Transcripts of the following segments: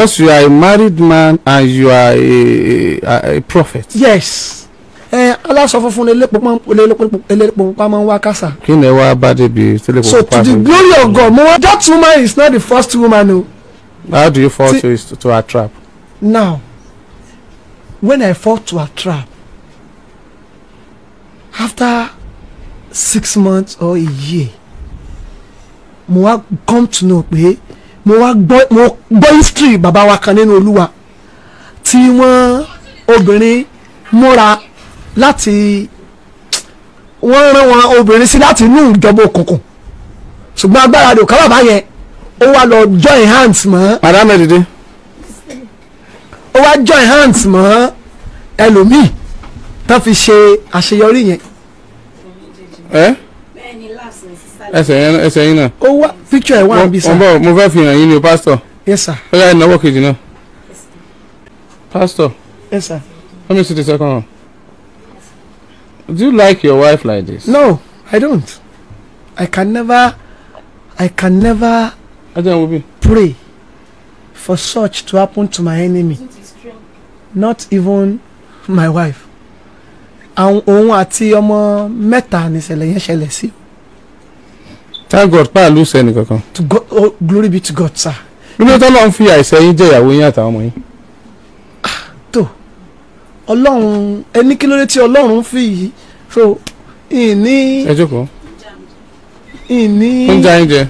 because you are a married man and you are a a, a prophet. yes ẹ aláṣọ funfun elépo pupa máa ń wá kásá. kí ni ẹ wá bá débi tí elépo so to the glory of God mo wá that woman is not the first woman o. how do you fall See, to, to her trap. now when I fall to her trap after six months or a year mo wá come to know pé. Okay? mo wá gbọ́ mo gbọ́ history bàbá wa kan nínú olúwa tí wọ́n obìnrin múra láti wọ́n rán wọn obìnrin sí láti inú ìjọba òkùnkùn ṣùgbọ́n agbára rẹ̀ ò ká bàbá yẹn ó wá lọ join hands mọ́. madame dìde. ó wá join hands mọ́ ẹlòmíì tán fi ṣe àṣeyọrí yẹn. ẹ. Eh? ẹsẹ̀ yẹn ẹsẹ̀ yín náà. ó wá picture ẹ̀ wá ń bí sá. mo bọ mo fẹ́ fi hàn yín ni o pastor. yes sir. ó ìnáwó kejì náà. pastor. yes sir. let me see the second one. do you like your wife like this. no i don't i can never i can never. ajá wo bí. pray for such to happen to my enemy not even my wife àwọn òun àti ọmọ mẹ́ta nìṣẹ̀lẹ̀ yẹn ṣẹlẹ̀ sí o thank God pa ló sẹ́ni kankan. to God oh, glory be to God sir. nínú ah. tọ́lọ́ ń fi àìsẹ́yìn jẹ́ ìyàwó yín àtàwọn ọmọ yín. Ah, tó ọlọ́run ẹni kí ló dé tí ọlọ́run fi yìí so ìní. ẹ jókòó. ìní. ó ń já yín jẹ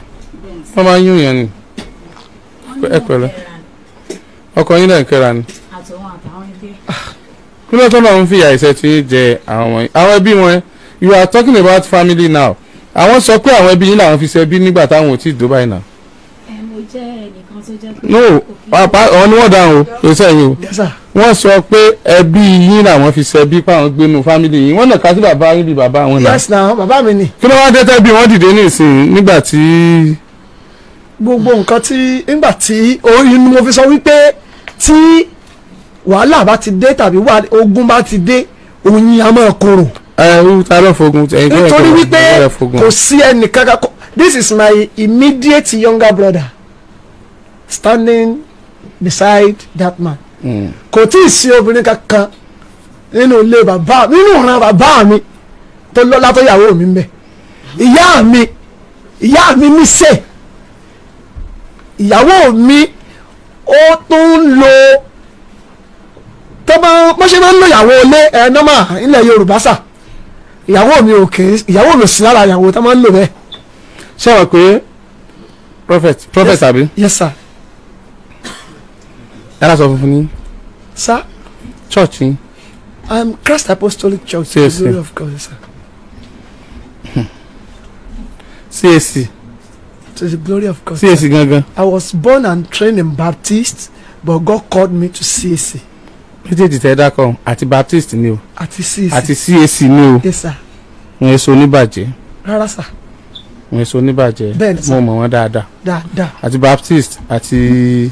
wọ́n máa ń yún yẹn ni ẹ pẹ̀lẹ́ ọkọ yín náà kẹ́ra ni. nínú ah. tọ́lọ́ ń fi àìsẹ́ tí jẹ́ àwọn ẹbí wọn you are talking about family now àwọn sọ pé àwọn ẹbí yín làwọn fi ṣẹbí nígbà táwọn ò tí ì dó báyìí náà. ẹ mo jẹ́ ẹnìkan tó jẹ́ pé. no papa ọ̀hún ni wọ́n dáhùn o kò sẹ́yìn o wọ́n sọ pé ẹbí yín làwọn fi ṣẹbí páwọn gbénu fámìlì yín wọ́n nà ká sí bàbá yín bí bàbá wọn náà. yes na bàbá mi ni. kí ló wá dẹ́tẹ́ bí wọ́n dìde ní ìsìn nígbà tí. gbogbo nǹkan tí nígbà tí oyin ni mo fi sọ wípé tí wàhálà bá ti dé tàbí ogun bá ti dé oyin a máa korò nítorí wípé kò sí ẹnìkankan this is my immediate younger brother standing beside that man hmm. kò tí ì sí obìnrin kankan nínú ilé bàbá nínú ìran bàbá mi tó lọ́lá tó yàwó mi ń bẹ ìyá mi ìyá mi mi sè ìyàwó mi ó tún ń lo tó bá wọ́n ṣe máa ń lo ìyàwó ilé ẹ̀ nọ́mà ilẹ̀ Yorùbá sáà ìyàwó mi ò kè é ìyàwó mi ò sí lára ìyàwó tá a máa ń lò bẹ́ẹ̀. ṣé wàá pé prophet prophet àbí. yes sir. yàrá sọ funfun ni. sir. church ni. i'm Christ Apostolic Church CAC. the glory of God sir. C.S.C. to the glory of God. C.S.C. gangan. i was born and trained in Baptist but God called me to C.S.C méjèèjì tẹ́ dákọ̀ àti baptist ni o àti cac àti cac ni o wọn èso oníbàjẹ́ rárá sà wọn èso oníbàjẹ́ mo mọ̀ wọ́n dáadáa dáadáa àti baptist àti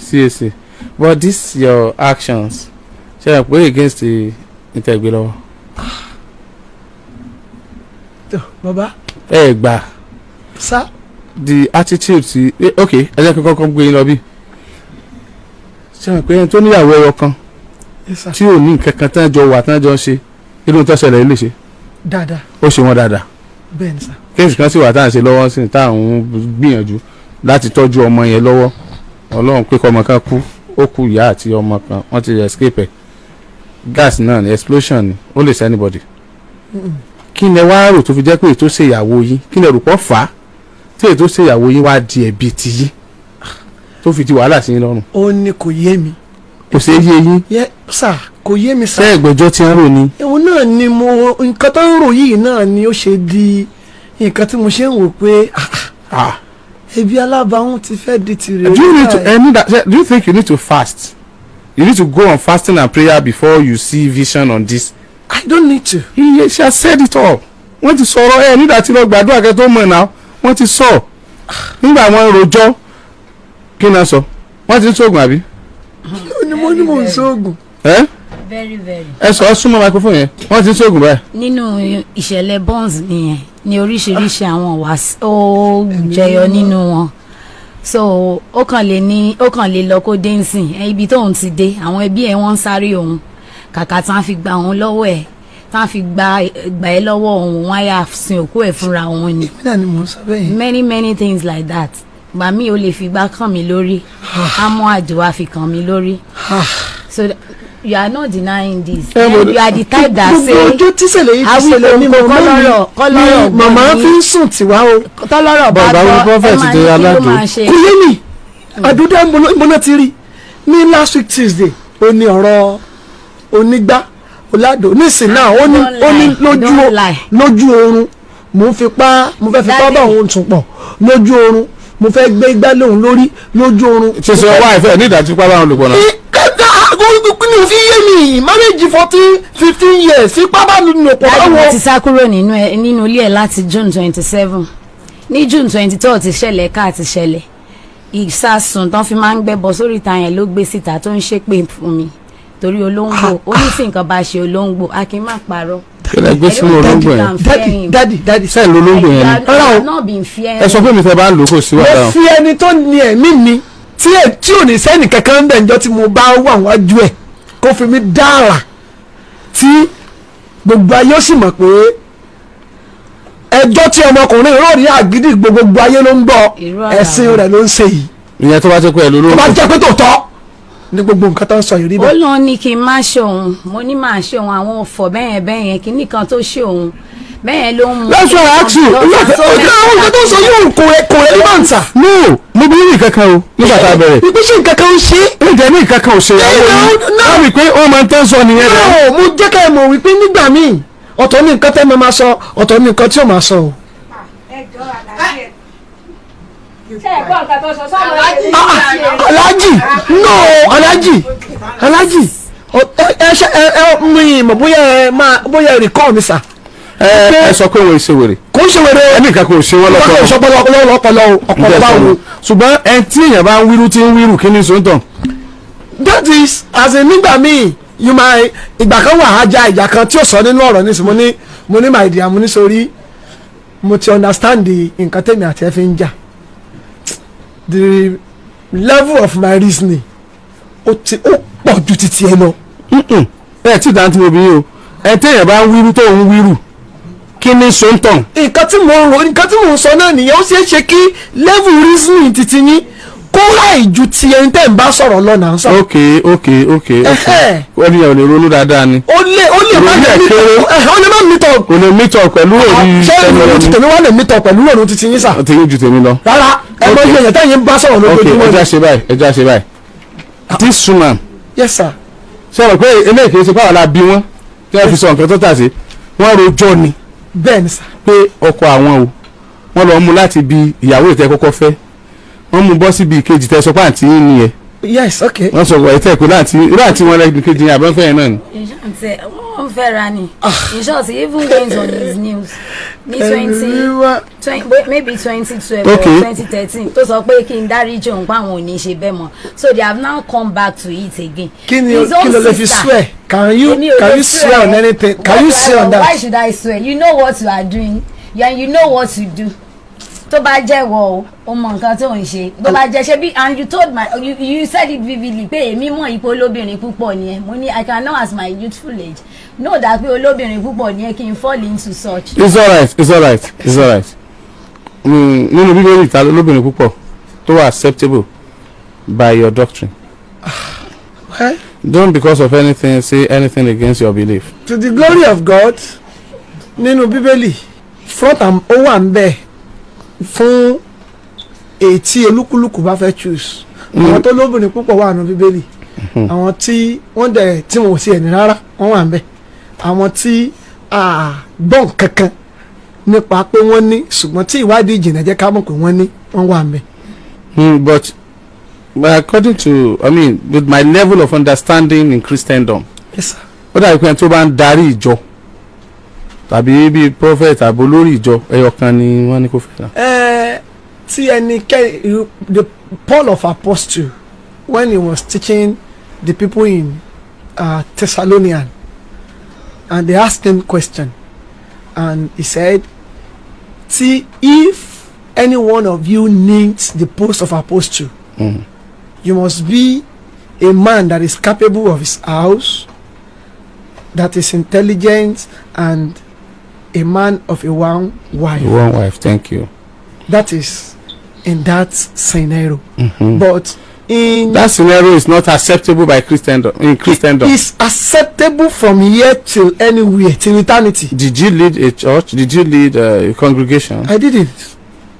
cac but this your actions ṣe é pé against the ìtẹ̀gbẹ́ lọ́wọ́. tó bàbá. ẹ gbà. sá. the attitude ti eh, ok ẹ jẹ́ kí n kọ́kọ́ gbé yín lọ bí ṣe é pé ẹni tó níyàwó ẹyọ kan tí ò ní nǹkan kan tán jọ wà tán jọ ń ṣe irú tó ṣẹlẹ̀ ilé ṣe. Dada. ó ṣe wọn Dada. bẹ́ẹ̀ ni sà. kéèsì kan sì wà tá à ń ṣe lọ́wọ́ sí tá à ń gbìyànjú láti tọ́jú ọmọ yẹn lọ́wọ́ ọlọ́run pé kọ́ ọmọ kan kú ó kú ìyá àti ọmọ kan wọ́n ti escape ẹ̀ gas náà ni explosion ni ó lè ṣe anybody. kí ni ẹ wá rò tó fi jẹ́ pé ètò ṣèyàwó yín kí ni ẹ rò pọ̀ fà á tí ètò ṣèyàwó yín wá di ẹ̀bi ti yín tó fi di wàhálà sí yín lọ́rùn. ó ní kò yé mi kò sí eyé yín. yẹ sà kò yé mi sà. ṣé ìgbẹ́jọ́ ti ń rò ni. òun náà ni mo nǹkan tó ń rò yìí náà ni ó ṣe di nǹkan tí mo ṣe ń wò pé ah. Ah, ebi alábàáhùn ti fẹ́ di tirẹ̀. do you need to uh, that, do you think you need to fast you need to go on fasting and prayer before you see vision on this. I don't need to. iye she has said it all wọ́n ti sọ̀rọ̀ ẹ̀ nígbà tí lọ gbàdúrà kẹ́ tó mọ̀ náà wọ́n ti sọ ah. nígbà wọn rojọ́ kí náà sọ wọ́n ti ń sọ̀gùn àbí. Mm-hmm mo ní mò ń ṣoògùn. ẹ very very. ẹ sọ súnmọ́ microphone yẹn wọ́n ti ń ṣoògùn báyìí. nínú ìṣẹ̀lẹ̀ burns nìyẹn ni oríṣiríṣi àwọn wà ó jẹyọ nínú wọn so ó kàn lè ní ó kàn lè lọ kó dé nsìn ibi tóun ti dé àwọn ẹbí ẹ wọ́n ń sáré òun kàkà tá a fi gba òun lọ́wọ́ ẹ̀ tá a fi gba gbà ẹ́ lọ́wọ́ òun wọ́n á yà sin òkú ẹ̀ fúnra òun ni. many many things like that gbà mí o lè fìgbà kàn mí lórí àmọ́ ah. àdùá fi kàn mí lórí ah. so you are not denying this yeah, and you are the type that say ojú tíṣẹ̀lẹ̀ yìí tíṣẹ̀lẹ̀ ni màmá mi ni màmá fi ń sùn tiwa o tọ́lọ́rọ̀ bá gbọ́ ẹ máa ní kí ló máa ṣe kò yé mi hmm. àdúdá ìmọ̀nà ti rí ní last week tuesday ó ní ọ̀rọ̀ onígbá ọ̀làdó nísìn náà ó ní ó ní lójú oorun mo ń fipá mo fẹ́ fipá bá òun tún pọ̀ lójú oorun mo fẹ́ gbé igbá lóhùn lórí lójú oorun. sísọ wá ìfẹ́ ní ìdájú pápá àwọn olùpọ̀ náà. kẹta agogo pinnu fi yé mi marriage fourteen fifteen years sí pápá olùpọ̀ báwo. láti ti sá kúrò nínú ilé ẹ láti june twenty seven ní june twenty two ti ṣẹlẹ̀ ká ti ṣẹlẹ̀ ìsàsùn tán fi máa ń gbẹ́bọ sórí ìta yẹn ló gbé síta tó ń ṣépè fún mi torí olóńgbò ó ní sí nǹkan bá ṣe olóńgbò a kì í má parọ́ kílẹ̀ gbé sínú olóńgbò yẹn dadi dadi dadi sẹ́yìn lolóńgbò yẹn ni rárá o ẹ sọ pé mi fẹ́ bá ń lò kó sí wàhálà o. mo fi ẹni tó ní ẹ̀mí mi tí ẹ tí ò ní sẹ́ni kankan bẹ̀ ǹjọ́ tí mo bá wà wájú ẹ̀ kó fi mi dára tí gbogbo ayé ó sì mọ̀ pé ẹjọ́ tí ọmọkùnrin rò ní àgídì gbogbo ayé ló ń gbọ́ ẹ̀sìn rẹ̀ ló ń ṣe yìí. ìyẹn tó bá jẹ́ pé ẹ lolóńgbò tó bá jẹ́ pé tòótọ́ ní gbogbo nǹkan tá ń sọ yìí rí bẹ́ẹ̀. ó lọ ní kí n má ṣe òun mo ní máa ṣe òun àwọn ọ̀fọ̀ bẹ́ẹ̀ bẹ́ẹ̀ yẹn kí nìkan tó ṣe òun bẹ́ẹ̀ ló ń mú. that's why I ask you ọjọ́ àwọn nǹkan tó ń sọ yóò kò rẹ kò rẹ ní bàǹtà. no mo bí ní nǹkan kan o nígbà tá a bẹ̀rẹ̀. ìpèsè nǹkan kan ń ṣe. ó jẹ́ ní nǹkan kan ò ṣe àwọn yìí wọ́n wí pé wọ́n máa ń tẹ́ sọ nìyẹn rẹ̀. no mo jẹ́ ká ẹ mọ̀ wípé nígbà míì ọ̀tọ̀ ní nǹkan tẹ́ máa sọ ọ̀tọ̀ ní nǹkan tí ò máa sọ o. ẹ jọ àlàyé ẹ alájì ah, no alájì alájì ẹ ṣe ẹ ẹ mi mọ bóyá ẹ máa bóyá ẹ rìkọ́ mi sà. ẹ ẹ sọ pé wọn ò ṣe wèrè. kò ń ṣe wèrè o ẹnì kan kò ṣe wọn lọkọ. wọn kò ṣọpọlọ ọpọlọ ọpọlọ ọpọlọ báwo. ṣùgbọ́n ẹ tí èèyàn bá ń wíru tí ń wíru kí ni sóńtọ̀. that is as in nígbà míì you my ìgbà kan wà á ja ìjà kan tí ò sọ nínú ọ̀rọ̀ nísìnyí mo ní mo ní my dear mo ní sori mo ti understand nǹkan tèmi àti ẹ fi ń jà the level of my reasoning o ti o pọ̀ ju titi ẹ lọ. ẹ tí ìdáhùn tí mo bí yín o ẹ téèyàn bá ń wíru tó ń wíru kí ni sọ́ńtàn. nǹkan tí mo ń ro nǹkan tí mo ń sọ náà nìyẹn ó ṣeé ṣe kí level reasoning titi yín kó láì ju ti ẹni tẹ́ ń bá sọ̀rọ̀ lọ́nà ń sọ. ok ok ok ok ẹni yẹn ò lè ronú dáadáa ni. o lè o lè má lè mítọ̀ o lè má mítọ̀. o lè mítọ̀ pẹ̀lú òru tẹ̀mí lọ. Ah, ṣé ìrònú tèmi wà lè mítọ̀ pẹ̀lú òru titi yín sà. tèmi ju tèmi lọ. rárá ẹ mọ iye yẹn táyé bá sọ̀rọ̀ lójoojúmọ́ ni. ok ẹja ṣe báyìí ẹja ṣe báyìí this woman. yes sir. sọ̀rọ̀ pé eléyìí kì í ṣe pàwọn la bí wọn kí wọ́n fi sọ nǹkan tó tà sí wọ́n rojọ́ ni. bẹ́ẹ̀ni sà. pé ọkọ àwọn o wọ́n lọ mú láti bi ìyàwó ìtẹ́ kọ́kọ́ fẹ́ wọ́n mú bọ́ síbi ìkejì tẹ́ sọ pàǹtí yín nìyẹn yes okay. wọ́n sọ wọ ẹtẹ kó láti láti wọn lẹbi kejì yẹn àbọ̀ fẹ́ẹ̀ náà ni. ìṣàǹtẹ̀ wọ́n fẹ́ ra ni ah. in short even went on his news ní twenty maybe twenty twelve or twenty thirteen tó sọ pé kí n dáríjì òun pa àwọn ò ṣe bẹ́ẹ̀ mọ́ so they have now come back to it again. kí ni kí ló lè fi swear can you can you swear on anything can you swear on that. why should I swear you know what you are doing and you know what you do tó bá jẹ́ wọ o mọ nǹkan tó ń ṣe tó bá jẹ́ ṣe bí and you told my you, you said it vividly pé èmi mọ̀ ipò olóbìnrin púpọ̀ ni ẹ mo ní i can know as my youthful age know that pé olóbìnrin púpọ̀ ni ẹ kí n fall into such. it's alright it's alright it's alright mm, nínú bíbélì ìta olóbìnrin púpọ̀ tó wà acceptable by your doctrine. Ah, well, don't because of anything say anything against your belief. to the glory of God nínú bíbélì front am ó and ń bẹ́ẹ̀ fún èyí olúkúlùkù bá fẹ́ choose àwọn tó lóbìnrin púpọ̀ wà nù bíbélì hmm. àwọn tí wọ́n dẹ̀ tí wọn ò sí rárá wọ́n wà ń àwọn tí àgbọ̀n kankan nípa pé wọ́n ní ṣùgbọ́n tí ìwádìí ìjìnlẹ̀ jẹ́ ká mọ̀ pé wọ́n ní wọ́n wà ń hmm, but but according to i mean with my level of understanding in Christendom ó dàbí pé ẹni tó bá ń darí ìjọ tàbí bíi prophet àbí olórí ìjọ ẹyọ ni wọ́n ní kó fẹ́ náà. ẹ ti ẹnikẹ́ni the Paul of Apostle when he was teaching the people in uh, Thessalonian and they asked him question and he said see if any one of you needs the post of apostle mm. you must be a man that is capable of his house that is intelligent and a man of a one wife. One wife, thank you. That is in that scenario. Mm -hmm. But in that scenario is not acceptable by Christendom in Christendom. It's acceptable from here till anywhere, till eternity. Did you lead a church? Did you lead a congregation? I did it.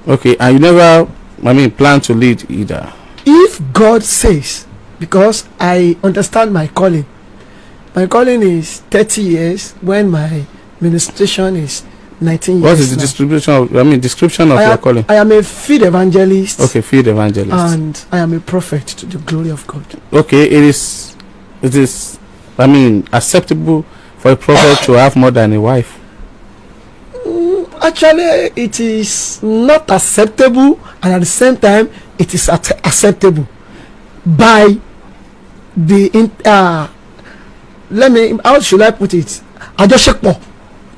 Okay, and you never I mean plan to lead either. If God says, because I understand my calling. My calling is 30 years when my ministration is 19 What is the now. distribution of, I mean, description of I your am, calling? I am a field evangelist. Okay, field evangelist. And I am a prophet to the glory of God. Okay, it is, it is, I mean, acceptable for a prophet to have more than a wife. Mm, actually, it is not acceptable, and at the same time, it is acceptable by the, uh, let me, how should I put it? I just more.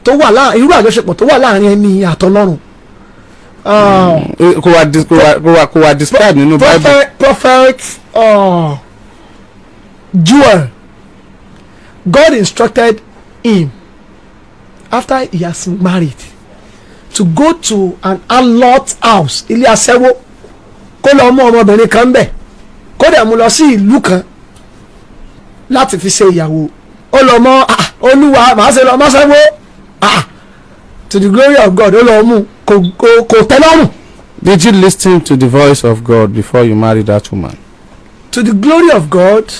tó wà láàrin irú àjọṣepọ̀ tó wà láàrin ẹni àtọlọ́run. kò wá kò wá describe nínú bible. prophet uh, Joel God instructed him after he has married to go to an allot house ilé aṣẹ́wó kó lọ mú ọmọbìnrin kan bẹ̀ kó dẹ̀ mú lọ sí ìlú kan láti fi ṣe ìyàwó ó lọ mọ ah, olúwa màá ṣe lọ mọ́ṣẹ́wó. ah to the glory of God mú Did you listen to the voice of God before you married that woman? To the glory of God.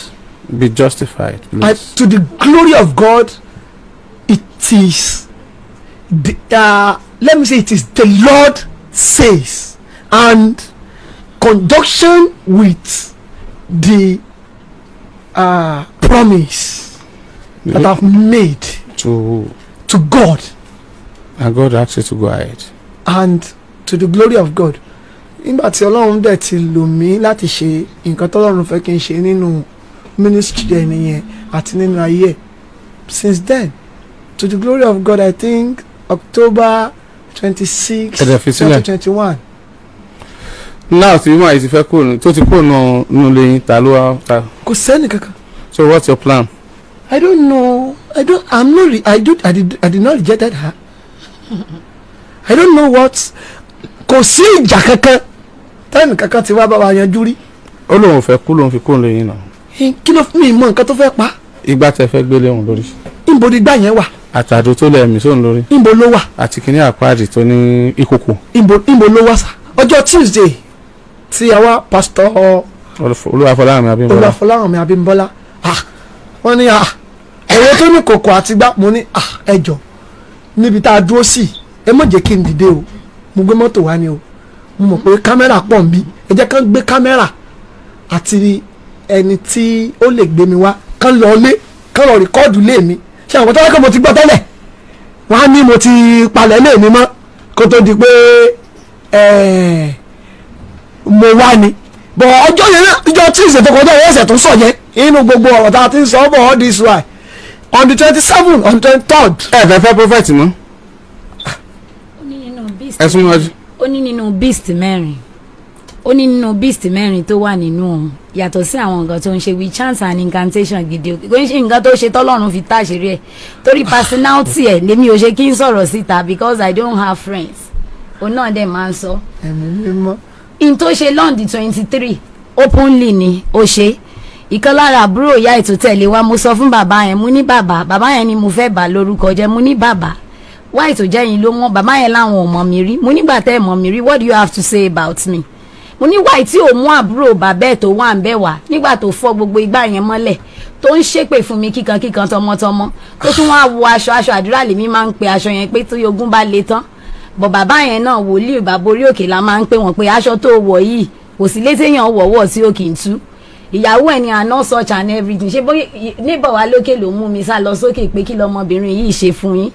Be justified. to the glory of God, it is the uh, let me say it is the Lord says and conjunction with the uh, promise that I've made to to God. And God asked you to go ahead. And to the glory of God. Nígbà tí Ọlọ́run dẹ̀ ti lò mí láti ṣe nǹkan tọ́lọ́run fẹ́ kí n ṣe nínú ministry dẹ̀ nìyẹn àti nínú ayé ẹ̀. Since then, to the glory of God, I think October twenty-six twenty twenty-one. Now tí Wíwá yìí ti fẹ́ kúrò tó ti kúrò nù lẹ́yìn ta ló wá. Kò sẹ́ni kankan. So what's your plan? I don't know. I don't. I'm not. Re- I do. I did. I did not reject her. I don't know what. Kò sí ìjà kankan. Táyìn kankan ti wá bá wa yanjú rí. Ó lóun fẹ́ kú lóun fi kó lóyún náà. Kí ló fún mi mọ nǹkan tó fẹ́ pa? Ìgbà tẹ fẹ́ gbélé òun lórí. Níbo ni ìgbà yẹn wà? Àtàdó tó lẹ̀ mí sóun lórí. Níbo ló wà? Àti kìíní àpáàdì tó ní ìkòkò. Níbo níbo ló wà sá? Ọjọ́ Tuesday tí àwa pásítọ̀. Olúwàfọláhàmì Abímbọ́lá. Olúwàfọláhàmì Abímbọ́lá. Ah wọ́n ní a ah, ẹ̀rọ tó ní kòkò àti gbá mo ní à ah, níbi tá a dúró sí kí n dìde o mo gbé mọ́tò wá ni o mo mọ̀ pé kámẹ́rà pọ̀ ń bí ẹ jẹ́ kán gbé kámẹ́rà àti ẹni tí ó lè gbé mi wá lọ lé kán lọ rìkọ́ọ̀dù lé mi ṣé àwọn tó mo ti gbọ́ tẹ́lẹ̀ wọ́n ti palẹ̀ lé mi mọ́ kó tó di pé mo wá ni bọ̀ ọjọ́ yẹn náà tí ìṣètò kọjá ìwé inú gbogbo ọ̀rọ̀ tá a ti ń sọ bọ̀ all this while on the twenty seven on the twenty third. ẹ fẹ́ fẹ́ prophet mọ́. ẹ̀sùn níwájú. ó ní nínú beast mẹ́rin ó ní nínú beast mẹ́rin tó wà nínú òun yàtọ̀ sí àwọn nǹkan tó ń ṣe with chance and incantation gidi kò ń ṣe nǹkan tó ṣe tọ́lọ́run fi táṣírí ẹ̀ torí personality ẹ̀ lèmi ò ṣe kí n sọ̀rọ̀ síta because I don't have friends òun náà dẹ̀ máa ń sọ. ẹ̀mí mímọ́. in tó ṣe lọ́ndì twenty three openly ni ó ṣe é ìkan lára àbúrò ìyá ètò tẹ̀lé wa mo sọ fún bàbá yẹn mo ní bàbá bàbá yẹn ni mo fẹ́ bà lórúkọ jẹ́ mo ní bàbá wá ètò jẹ́yìn ló mọ́ bàbá yẹn láwọn ò mọ̀ mí rí mo nígbà tẹ́ ẹ̀ mọ̀ mí rí what do you have to say about me mo ní wáì tí ò mú àbúrò bàbá ẹ̀ tó wà ń bẹ̀ wá nígbà tó fọ́ gbogbo igbá yẹn mọ́lẹ̀ tó ń ṣépè fún mi kíkan kíkan tọmọtọmọ tó tún wá wo aṣọ aṣọ àdúrà lèmi máa ń pe aṣọ yẹn pé tó yogún bá le tán bọ̀ bàbá yẹn náà wòlíì bàbá orí òkè la máa ń pè wọ́n pé aṣọ tó wọ̀ yìí kò sí létí èèyàn wọ̀wọ̀ tí ó kì í tú ìyàwó ẹ̀ ni àná such and everything ṣé bóyá níbọ̀ wá lókè ló mú mi sá lọ sókè pé kí lọmọbìnrin yìí ṣe fún yín.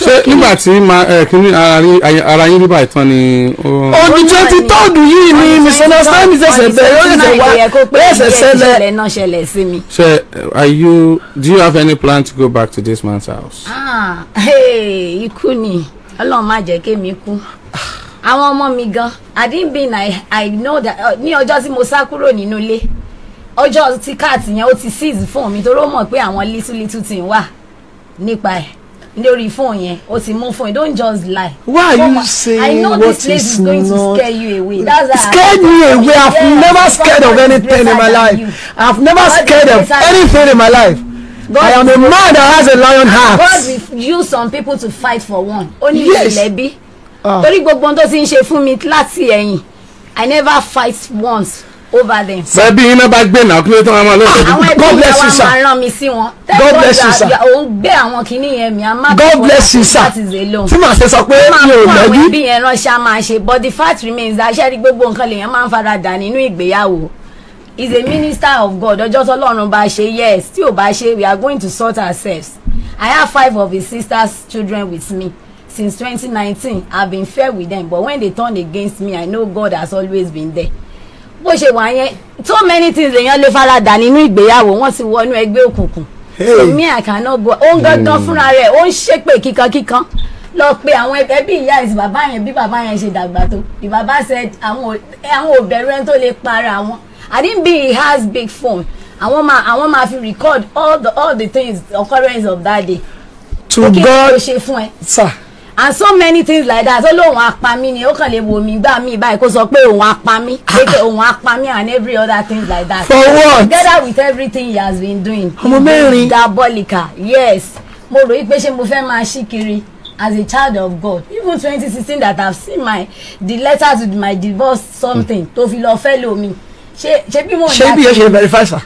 ṣé nígbà tí ara yín rí báyìí tán ni. ọdún twenty third yìí ni misunderstanding ṣẹ̀ṣẹ̀ bẹ̀rẹ̀ ó ṣẹ̀ṣẹ̀ wá ẹsẹ ṣẹlẹ̀. ṣe are you do you have any plan to go back to this man's house. ah hey, ikú ni Ọlọ́run má jẹ́ kémi kú àwọn ọmọ mi gan i didn't been i i know that uh, ní ọjọ́ tí mo sá kúrò nínú ilé ọjọ́ tí káàtì yẹn ó ti seize fóònù mi torí ó mọ̀ pé àwọn little little thing wà nípa ẹ̀ lórí fóònù yẹn ó ti mú fóònù don't just lie. why are you saying what is not I know scare me away I have never scared of anything in my life I have never scared of anything in my life. God I am a man that has a lion heart. God will use some people to fight for one. Only ní ìṣẹ̀lẹ̀ bí. Ah. torí gbogbo ohun tó ti ń ṣe fún mi láti ẹ̀yìn I never fight once over them. bẹ́ẹ̀ bí iná bá gbé náà kí ló tán wọn máa lọ sọ́dún. God bless you sir. àwọn ẹbí wa máa rán mi sí wọn. God bless you sir. òun gbé àwọn kinní yẹn mi a máa bí wọn that is alone. tí màá ṣe sọ pé mi ò lọ́jú. máa kó àwọn ẹbí yẹn ránṣẹ́ a máa ṣe but the fact remains aṣẹ́rí gbogbo nǹkan lèèyàn máa ń fara dà nínú ìgbéyàwó is a minister of God ọjọ́ tọ́lọ́run bá ṣe yes tí ò bá ṣe we are going to sort ourselves. I have five of his sister's children with me since 2019 I've been fair with them but when they turn against me I know God has always been there bó ṣe wà yẹn so many things èèyàn lè farada nínú ìgbéyàwó wọ́n sì wọnú ẹgbẹ́ òkùnkùn èmi àkànná bọ ó ń gangan hmm. fúnra rẹ̀ ó ń ṣépè kíkankíkan lọ pe àwọn ẹbí ìyá ẹsìn bàbá yẹn bí bàbá yẹn ṣe dàgbà tó the baba said àwọn òbẹ̀rù ẹni tó lè para wọn i didn't be he has big phone àwọn máa àwọn máa fi record all the all the things occurrence of that day. to god sir and so many things like that so lóun apami ni ó kàn lè wò mí gbà mí báyìí kó sọ pé òun apami ah. pé òun apami and every other things like that. for what together with everything he has been doing. ọmọ mẹ́rin diabolical yes mo rò wípé ṣé mo fẹ́ máa ṣí kiri as a child of God even twenty sixteen that I've seen my the letters with my divorce something hmm. to fi lọ fẹ́ lómi ṣe ṣe bí mo. ṣé bí yóò ṣe verify sir.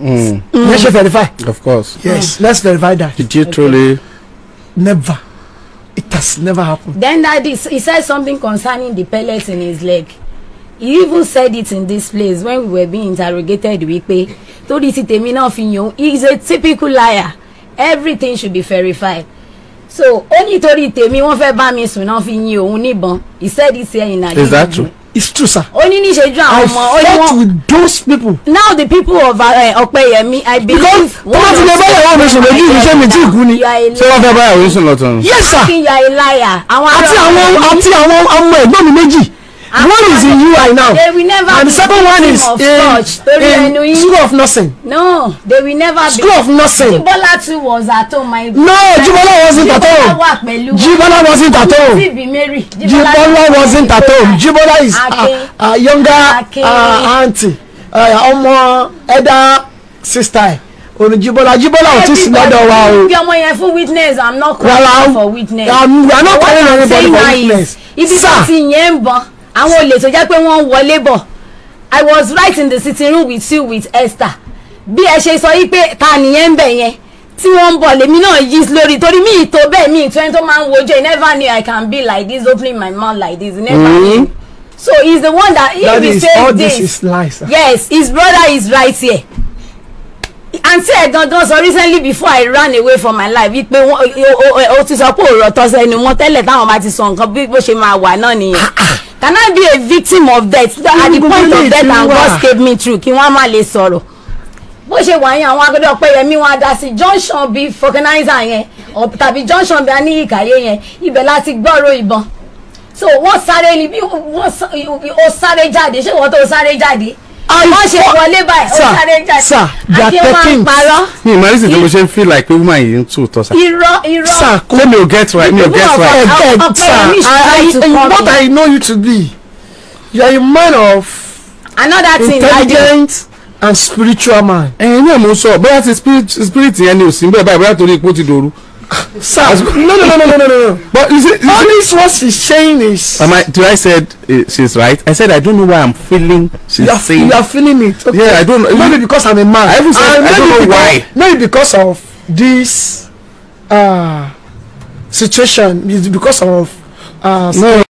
Mm. Mm. let's verify. of course. yes mm. let's verify that. did you okay. truly. never. It has never happened. Then that is, he said something concerning the pellets in his leg. He even said it in this place when we were being interrogated wípé torí ti tèmi náà fi yan he is a typical liar everything should be verified so ó nítorí tèmi wọ́n fẹ́ bá mi sùn náà fi yin òun níbọn he said it here in Nigeria. Is that true? it's true sir. ó ní níṣẹ́jú àwọn ọmọ ó ní wọn. I fought with those people. now the people of ọ̀pẹ̀yẹmí uh, eh, I believe. because wọ́n ti lè báyàwó mi sùn lójú iṣẹ́ mi tí ìkú ni. ṣé wọ́n fẹ́ báyàwó mi sùn lọ́tọ̀ ni. yes sir. akin ya ẹ láyà. àti àwọn àti àwọn ọmọ ẹ̀gbọ́n mi méjì one is in UI now and the second one is in in school of nursing. no they will never be school of nursing. jibola too was at home my. no jibola wasn't at home jibola wà pẹ̀lú. jibola wasn't at home jibola wasn't at home jibola is a younger aunty ọmọ elder sister onijibola jibola ò ti sí lọ́dọ̀ wa o. ibi ọmọ i'm not calling for witness. i'm not calling anybody for witness. ibi tí ti yẹn ń bọ̀ àwọn olè tó jẹ́ pé wọ́n wọlé bọ̀ i was right in the sitting room with you with Esther bí ẹ ṣe sọ yìí pé ta nìyẹn ń bẹ̀ yẹn tí wọ́n ń bọ̀ lèmi náà yí lórí torí mi tó bẹ́ẹ̀ mi tó ẹni tó máa ń wojú i never knew i can be like this opening my mouth like this never knew mm-hmm. so he's the one that he is, say this, yes his brother is right here àǹtí ẹ̀ gangan sọ recently before I ran away from my life wípé o ti sọ pé òòrọ̀ tọ́sẹ̀ ni wọ́n tẹ́lẹ̀ táwọn bá ti sọ nǹkan bí bó ṣe máa wà náà nìyẹn ah, ah can I be a victim of death at the point of death and God save me through kí wọ́n má lè sọ̀rọ̀ bó ṣe wà yẹn àwọn akéde ọpẹyẹmí wọn adá sí junction bíi vulcanizer yẹn tàbí junction bíi aníyíkàyé yẹn ibẹ̀ láti gbọ́rọ̀ ìbọn so wọ́n sáré ni bí wọ́n ó sáré jáde ṣé wọ́n tó sáré jáde wọ́n ṣe wọlé báyìí ó sáré ń jáde àti wọn parọ́. mi ìmọ̀ ẹ̀sìn tí mo ṣe ń feel like pé woman yìí ń tù tọ́ sa. irọ́ irọ́ sa kó mi ò get right mi ò get right. ọ̀pẹ mi ṣe what I know you to be you are a man of. another thing I do. intelligent and spiritual man. ẹ̀yin náà mo sọ bóyá ti spirit yẹn ni ò sí bẹ́ẹ̀ báyìí bóyá torí ipò ti dòru. Sam, no, no, no, no, no, no, no. But is it? Is All this what she's saying is. Am I? Do I said uh, eh, she's right? I said I don't know why I'm feeling. She's you are, saying. You are feeling it. Okay. Yeah, I don't. know. Maybe because I'm a man. I, said, I, don't know because, why. Maybe because of this uh, situation. because of. Uh, no.